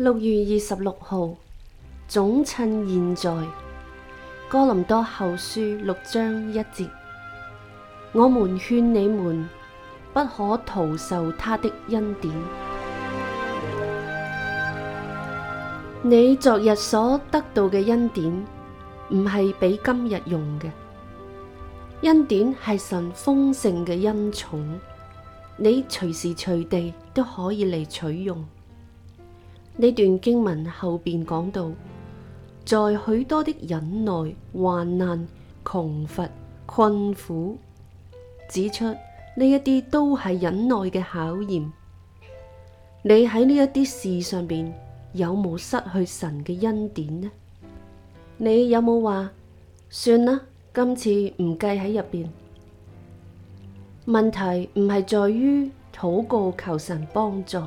六月二十六號，總趁現在，《哥林多後書》六章一節，我們勸你們不可徒受他的恩典。 你昨日所得到嘅恩典，唔係俾今日用嘅。恩典係神豐盛嘅恩寵，你隨時隨地都可以嚟取用。呢段經文後邊講到，在許多的忍耐、患難、窮乏、困苦，指出呢一啲都係忍耐嘅考驗。你喺呢一啲事上邊有冇失去神嘅恩典呢？你有冇話算啦？今次唔計喺入邊。問題唔係在於禱告求神幫助，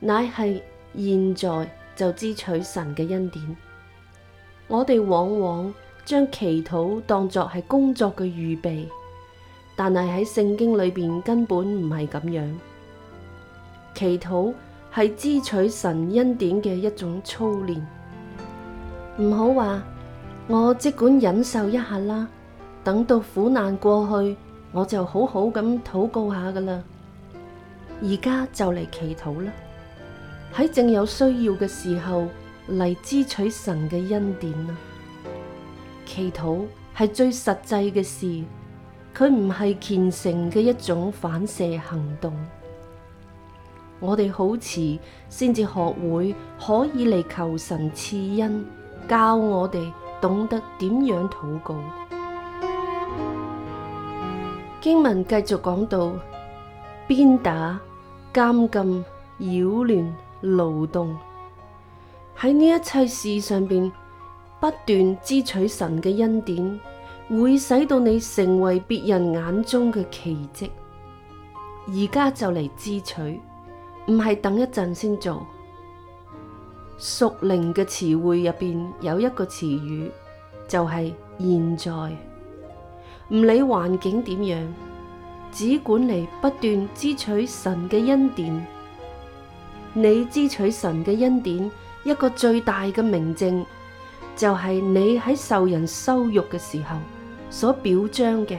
乃係。現在就支取神嘅恩典。我哋往往將祈禱當作係工作嘅預備，但係喺聖經裏邊根本唔係咁樣。祈禱係支取神恩典嘅一種操練。唔好話我即管忍受一下啦，等到苦難過去，我就好好咁禱告下噶啦。而家就嚟祈禱啦。喺正有需要嘅時候嚟支取神嘅恩典啊！祈禱係最實際嘅事，佢唔係虔誠嘅一種反射行動。我哋好遲先至學會可以嚟求神賜恩，教我哋懂得點樣禱告。經文繼續講到：鞭打、監禁、擾亂。勞動喺呢一切事上邊，不斷支取神嘅恩典，會使到你成為別人眼中嘅奇蹟。而家就嚟支取，唔係等一陣先做。屬靈嘅詞彙入邊有一個詞語，就係現在。唔理環境點樣，只管嚟不斷支取神嘅恩典。你支取神嘅恩典，一個最大嘅明證，就係你喺受人羞辱嘅時候，所表彰嘅，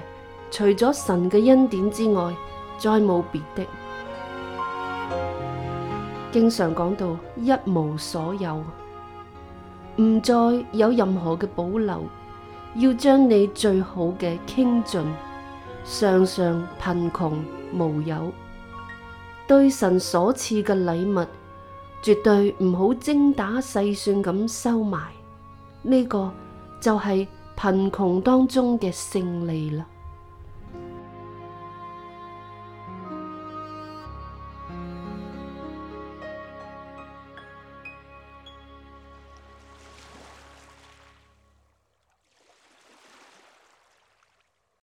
除咗神嘅恩典之外，再冇別的。經常講到一無所有，唔再有任何嘅保留，要將你最好嘅傾盡，常常貧窮無有。對神所賜嘅禮物，絕對唔好精打細算咁收埋，呢個就係貧窮當中嘅勝利啦。